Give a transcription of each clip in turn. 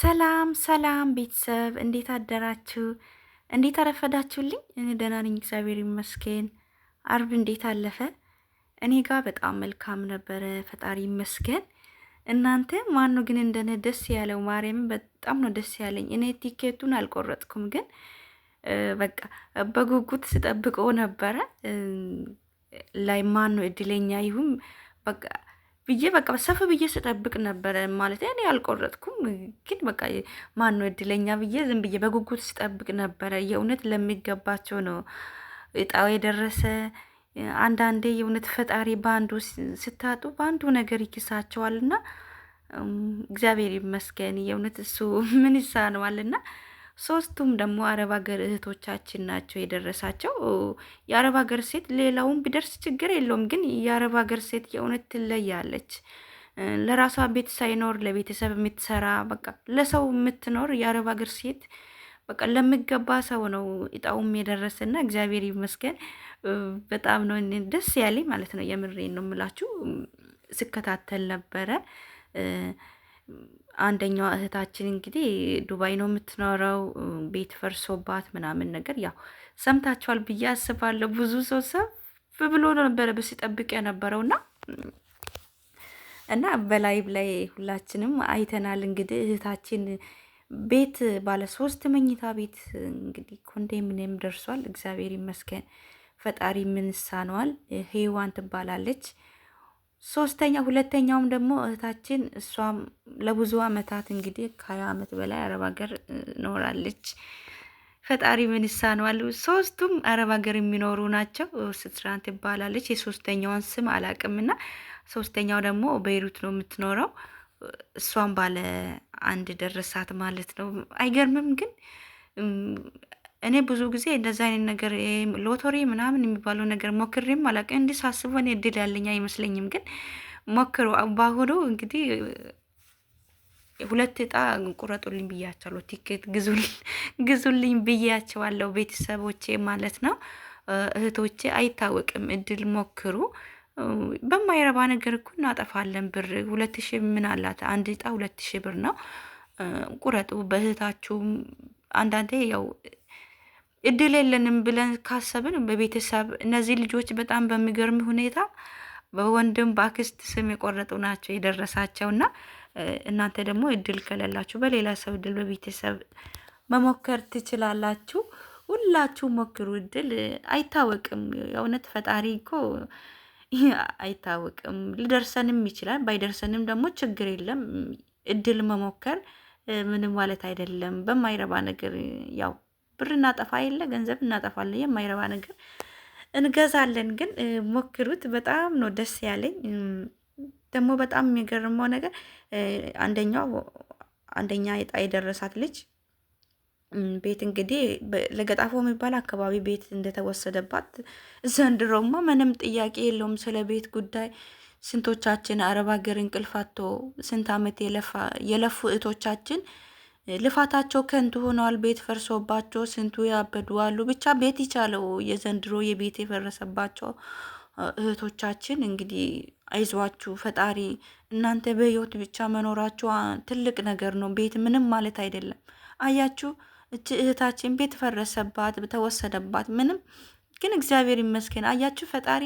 ሰላም ሰላም ቤተሰብ እንዴት አደራችሁ? እንዴት አረፈዳችሁልኝ? እኔ ደህና ነኝ፣ እግዚአብሔር ይመስገን። አርብ እንዴት አለፈ? እኔ ጋር በጣም መልካም ነበረ፣ ፈጣሪ ይመስገን። እናንተ ማነው ግን እንደነ ደስ ያለው? ማርያም በጣም ነው ደስ ያለኝ። እኔ ቲኬቱን አልቆረጥኩም፣ ግን በቃ በጉጉት ስጠብቀው ነበረ ላይ ማን ነው እድለኛ ይሁን በቃ ብዬ በቃ ሰፍ ብዬ ስጠብቅ ነበረ። ማለት እኔ አልቆረጥኩም፣ ግን በቃ ማን ነው እድለኛ ብዬ ዝም ብዬ በጉጉት ስጠብቅ ነበረ። የእውነት ለሚገባቸው ነው እጣው የደረሰ። አንዳንዴ የእውነት ፈጣሪ በአንዱ ስታጡ በአንዱ ነገር ይክሳቸዋልና እግዚአብሔር ይመስገን። የእውነት እሱ ምን ይሳነዋልና ሶስቱም ደግሞ አረብ ሀገር እህቶቻችን ናቸው የደረሳቸው። የአረብ ሀገር ሴት ሌላውም ቢደርስ ችግር የለውም፣ ግን የአረብ ሀገር ሴት የእውነት ትለያለች። ለራሷ ቤት ሳይኖር ለቤተሰብ የምትሰራ በቃ ለሰው የምትኖር የአረብ ሀገር ሴት በቃ ለሚገባ ሰው ነው እጣውም የደረሰና እግዚአብሔር ይመስገን በጣም ነው ደስ ያለኝ ማለት ነው። የምሬን ነው የምላችሁ ስከታተል ነበረ። አንደኛው እህታችን እንግዲህ ዱባይ ነው የምትኖረው። ቤት ፈርሶባት ምናምን ነገር ያው ሰምታችኋል ብዬ አስባለሁ። ብዙ ሰው ሰብ ብሎ ነበረ ጠብቅ የነበረው እና እና በላይቭ ላይ ሁላችንም አይተናል። እንግዲህ እህታችን ቤት ባለ ሶስት መኝታ ቤት እንግዲህ ኮንዶሚኒየም ደርሷል። እግዚአብሔር ይመስገን። ፈጣሪ ምንሳነዋል። ሄዋን ትባላለች። ሶስተኛ ሁለተኛውም ደግሞ እህታችን እሷም ለብዙ አመታት እንግዲህ ከሀያ አመት በላይ አረብ ሀገር ኖራለች። ፈጣሪ ምን ይሳነዋል። ሶስቱም አረብ ሀገር የሚኖሩ ናቸው። ስትራን ትባላለች። የሶስተኛውን ስም አላቅምና ሶስተኛው ደግሞ ቤይሩት ነው የምትኖረው። እሷም ባለ አንድ ደረሳት ማለት ነው። አይገርምም ግን እኔ ብዙ ጊዜ እንደዚ አይነት ነገር ሎተሪ ምናምን የሚባለው ነገር ሞክሬም አላውቅም። እንዲህ ሳስበው እኔ እድል ያለኝ አይመስለኝም። ግን ሞክሮ በአሁኑ እንግዲህ ሁለት እጣ ቁረጡልኝ ብያቸዋለሁ። ቲኬት ግዙልኝ ብያቸዋለሁ። ቤተሰቦቼ ማለት ነው እህቶቼ፣ አይታወቅም። እድል ሞክሩ። በማይረባ ነገር እኮ እናጠፋለን ብር። ሁለት ሺ ምን አላት አንድ እጣ ሁለት ሺህ ብር ነው። ቁረጡ በእህታችሁም አንዳንዴ ያው እድል የለንም ብለን ካሰብን በቤተሰብ እነዚህ ልጆች በጣም በሚገርም ሁኔታ በወንድም በአክስት ስም የቆረጡ ናቸው የደረሳቸው እና እናንተ ደግሞ እድል ከሌላችሁ በሌላ ሰው እድል በቤተሰብ መሞከር ትችላላችሁ። ሁላችሁ ሞክሩ። እድል አይታወቅም። የእውነት ፈጣሪ እኮ አይታወቅም። ሊደርሰንም ይችላል። ባይደርሰንም ደግሞ ችግር የለም። እድል መሞከር ምንም ማለት አይደለም። በማይረባ ነገር ያው ብር እናጠፋ የለ ገንዘብ እናጠፋለን፣ የማይረባ ነገር እንገዛለን። ግን ሞክሩት፣ በጣም ነው ደስ ያለኝ። ደግሞ በጣም የሚገርመው ነገር አንደኛው አንደኛ የጣ የደረሳት ልጅ ቤት እንግዲህ ለገጣፎ የሚባል አካባቢ ቤት እንደተወሰደባት፣ ዘንድሮማ ምንም ጥያቄ የለውም ስለ ቤት ጉዳይ። ስንቶቻችን አረብ ሀገር እንቅልፋቶ ስንት ዓመት የለፉ እህቶቻችን ልፋታቸው ከንቱ ሆኗል። ቤት ፈርሶባቸው ስንቱ ያበዱ አሉ። ብቻ ቤት ይቻለው የዘንድሮ የቤት የፈረሰባቸው እህቶቻችን እንግዲህ አይዟችሁ፣ ፈጣሪ እናንተ በህይወት ብቻ መኖራችሁ ትልቅ ነገር ነው። ቤት ምንም ማለት አይደለም። አያችሁ፣ እች እህታችን ቤት ፈረሰባት፣ ተወሰደባት፣ ምንም ግን እግዚአብሔር ይመስገን። አያችሁ፣ ፈጣሪ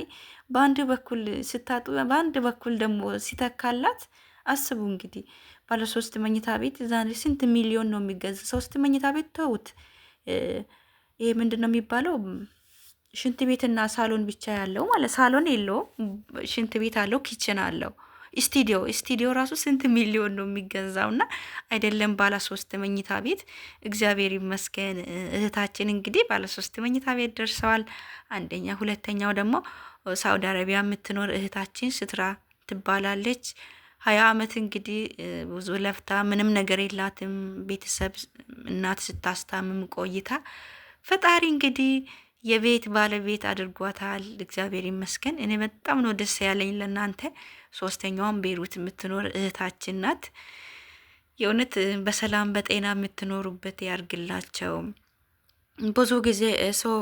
በአንድ በኩል ስታጡ፣ በአንድ በኩል ደግሞ ሲተካላት አስቡ እንግዲህ ባለ ሶስት መኝታ ቤት ዛሬ ስንት ሚሊዮን ነው የሚገዛ? ሶስት መኝታ ቤት ተውት። ይሄ ምንድን ነው የሚባለው? ሽንት ቤትና ሳሎን ብቻ ያለው ማለት ሳሎን የለውም፣ ሽንት ቤት አለው፣ ኪችን አለው፣ ስቱዲዮ ስቱዲዮ ራሱ ስንት ሚሊዮን ነው የሚገዛው? እና አይደለም ባለ ሶስት መኝታ ቤት እግዚአብሔር ይመስገን። እህታችን እንግዲህ ባለ ሶስት መኝታ ቤት ደርሰዋል። አንደኛ፣ ሁለተኛው ደግሞ ሳውዲ አረቢያ የምትኖር እህታችን ስትራ ትባላለች። ሀያ አመት እንግዲህ ብዙ ለፍታ ምንም ነገር የላትም ቤተሰብ እናት ስታስታምም ቆይታ ፈጣሪ እንግዲህ የቤት ባለቤት አድርጓታል። እግዚአብሔር ይመስገን። እኔ በጣም ነው ደስ ያለኝ ለእናንተ። ሶስተኛውም ቤሩት የምትኖር እህታችን ናት። የእውነት በሰላም በጤና የምትኖሩበት ያርግላቸው። ብዙ ጊዜ ሰው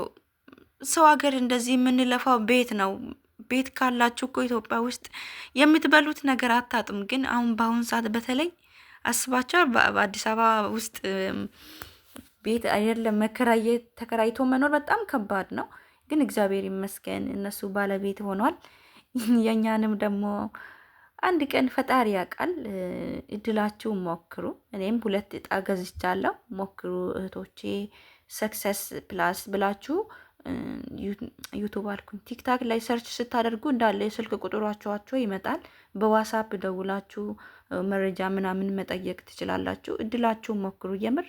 ሰው ሀገር እንደዚህ የምንለፋው ቤት ነው ቤት ካላችሁ እኮ ኢትዮጵያ ውስጥ የምትበሉት ነገር አታጥም። ግን አሁን በአሁን ሰዓት በተለይ አስባቸው በአዲስ አበባ ውስጥ ቤት አይደለም መከራየት ተከራይቶ መኖር በጣም ከባድ ነው። ግን እግዚአብሔር ይመስገን እነሱ ባለቤት ሆኗል። የእኛንም ደግሞ አንድ ቀን ፈጣሪ ያውቃል። እድላችሁ ሞክሩ። እኔም ሁለት እጣ ገዝቻለሁ። ሞክሩ እህቶቼ ሰክሰስ ፕላስ ብላችሁ ዩቱብ አልኩኝ ቲክታክ ላይ ሰርች ስታደርጉ እንዳለ የስልክ ቁጥሯቸው ይመጣል። በዋሳፕ ደውላችሁ መረጃ ምናምን መጠየቅ ትችላላችሁ። እድላችሁን ሞክሩ። የምር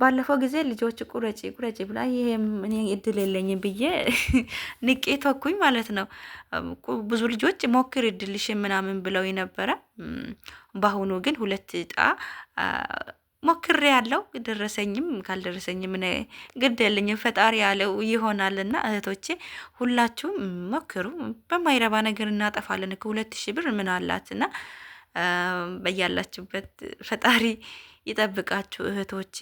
ባለፈው ጊዜ ልጆች ቁረጪ ቁረጪ ብላ ይሄ እኔ እድል የለኝም ብዬ ንቄ ተኩኝ ማለት ነው። ብዙ ልጆች ሞክር እድልሽ ምናምን ብለው ነበረ። በአሁኑ ግን ሁለት እጣ ሞክሬ ያለው ደረሰኝም ካልደረሰኝም ግድ የለኝ ፈጣሪ ያለው ይሆናልና፣ እህቶቼ ሁላችሁም ሞክሩ። በማይረባ ነገር እናጠፋለን እኮ ሁለት ሺህ ብር ምን አላትና፣ በያላችሁበት ፈጣሪ ይጠብቃችሁ እህቶቼ።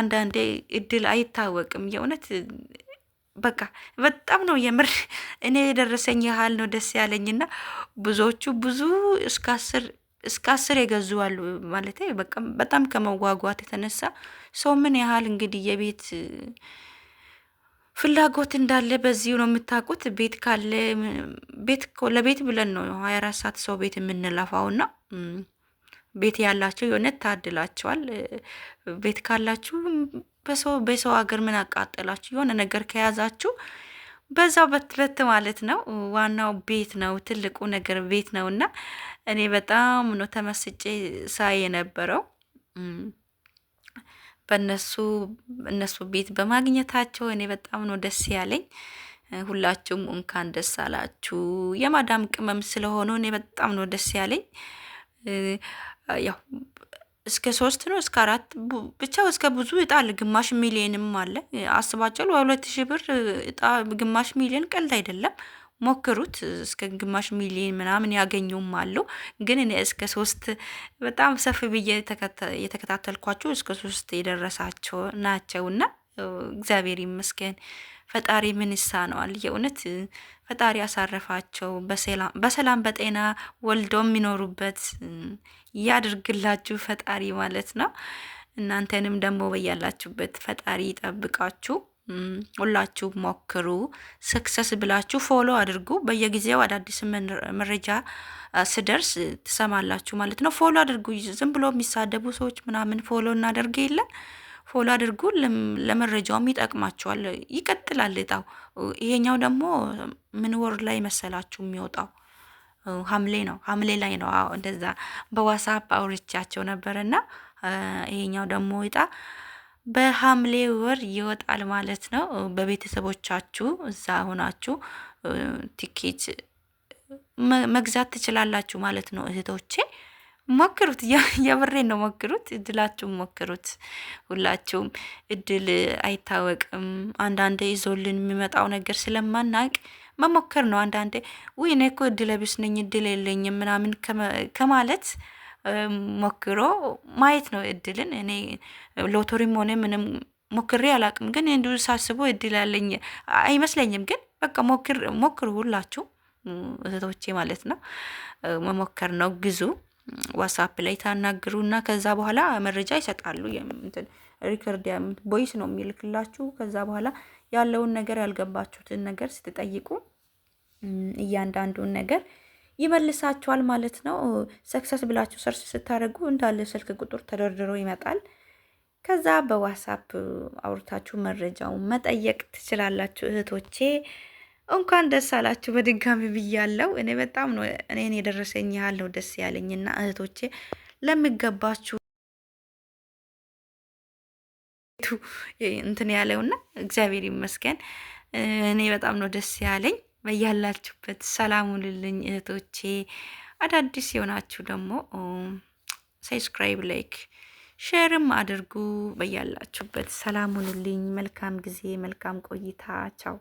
አንዳንዴ እድል አይታወቅም የእውነት በቃ በጣም ነው የምር እኔ የደረሰኝ ያህል ነው ደስ ያለኝና ብዙዎቹ ብዙ እስከ አስር እስከ አስር የገዙ አሉ ማለት በጣም ከመዋጓት የተነሳ ሰው ምን ያህል እንግዲህ የቤት ፍላጎት እንዳለ በዚሁ ነው የምታውቁት። ቤት ካለ ቤት ለቤት ብለን ነው ሀያ አራት ሰዓት ሰው ቤት የምንለፋው እና ቤት ያላቸው የእውነት ታድላቸዋል። ቤት ካላችሁ በሰው በሰው ሀገር ምን አቃጠላችሁ? የሆነ ነገር ከያዛችሁ በዛው በትበት ማለት ነው። ዋናው ቤት ነው፣ ትልቁ ነገር ቤት ነው። እና እኔ በጣም ነው ተመስጬ ሳይ የነበረው በእነሱ እነሱ ቤት በማግኘታቸው እኔ በጣም ነው ደስ ያለኝ። ሁላችሁም እንኳን ደስ አላችሁ። የማዳም ቅመም ስለሆኑ እኔ በጣም ነው ደስ ያለኝ ያው እስከ ሶስት ነው እስከ አራት ብቻው እስከ ብዙ እጣ አለ። ግማሽ ሚሊየንም አለ። አስባቸው ሁለት ሺህ ብር እጣ ግማሽ ሚሊየን ቀልድ አይደለም። ሞክሩት። እስከ ግማሽ ሚሊየን ምናምን ያገኙም አሉ። ግን እኔ እስከ ሶስት በጣም ሰፊ ብዬ የተከታተልኳቸው እስከ ሶስት የደረሳቸው እና እግዚአብሔር ይመስገን። ፈጣሪ ምን ይሳነዋል? የእውነት ፈጣሪ ያሳረፋቸው በሰላም በጤና ወልዶ የሚኖሩበት ያድርግላችሁ ፈጣሪ ማለት ነው። እናንተንም ደግሞ በያላችሁበት ፈጣሪ ይጠብቃችሁ። ሁላችሁ ሞክሩ። ስክሰስ ብላችሁ ፎሎ አድርጉ። በየጊዜው አዳዲስ መረጃ ስደርስ ትሰማላችሁ ማለት ነው። ፎሎ አድርጉ። ዝም ብሎ የሚሳደቡ ሰዎች ምናምን ፎሎ እናደርግ የለን ፎሎ አድርጉ። ለመረጃውም ይጠቅማቸዋል። ይቀጥላል እጣው። ይሄኛው ደግሞ ምን ወር ላይ መሰላችሁ የሚወጣው? ሐምሌ ነው። ሐምሌ ላይ ነው። አዎ እንደዛ በዋሳፕ አውርቻቸው ነበርና ይሄኛው ደግሞ እጣ በሐምሌ ወር ይወጣል ማለት ነው። በቤተሰቦቻችሁ እዛ ሆናችሁ ቲኬት መግዛት ትችላላችሁ ማለት ነው እህቶቼ። ሞክሩት። የምሬን ነው። ሞክሩት፣ እድላችሁም ሞክሩት። ሁላችሁም እድል አይታወቅም። አንዳንዴ ይዞልን የሚመጣው ነገር ስለማናቅ መሞከር ነው። አንዳንዴ ውይ እኔ እኮ እድለ ቢስ ነኝ፣ እድል የለኝም ምናምን ከማለት ሞክሮ ማየት ነው እድልን። እኔ ሎተሪም ሆነ ምንም ሞክሬ አላቅም፣ ግን እንዲሁ ሳስቦ እድል ያለኝ አይመስለኝም። ግን በቃ ሞክር ሞክሩ ሁላችሁ እህቶቼ ማለት ነው። መሞከር ነው ግዙ። ዋትሳፕ ላይ ታናግሩና ከዛ በኋላ መረጃ ይሰጣሉ። እንትን ሪከርድ ቦይስ ነው የሚልክላችሁ። ከዛ በኋላ ያለውን ነገር ያልገባችሁትን ነገር ስትጠይቁ እያንዳንዱን ነገር ይመልሳችኋል ማለት ነው። ሰክሰስ ብላችሁ ሰርች ስታደርጉ እንዳለ ስልክ ቁጥር ተደርድሮ ይመጣል። ከዛ በዋትሳፕ አውርታችሁ መረጃውን መጠየቅ ትችላላችሁ እህቶቼ። እንኳን ደስ አላችሁ በድጋሚ ብያለው። እኔ በጣም ነው እኔን የደረሰኝ ያህል ነው ደስ ያለኝና እህቶቼ ለሚገባችሁ እንትን ያለውና እግዚአብሔር ይመስገን። እኔ በጣም ነው ደስ ያለኝ። በያላችሁበት ሰላም ሁኑልኝ እህቶቼ። አዳዲስ የሆናችሁ ደግሞ ሰብስክራይብ፣ ላይክ፣ ሼርም አድርጉ። በያላችሁበት ሰላም ሁኑልኝ። መልካም ጊዜ፣ መልካም ቆይታ። ቻው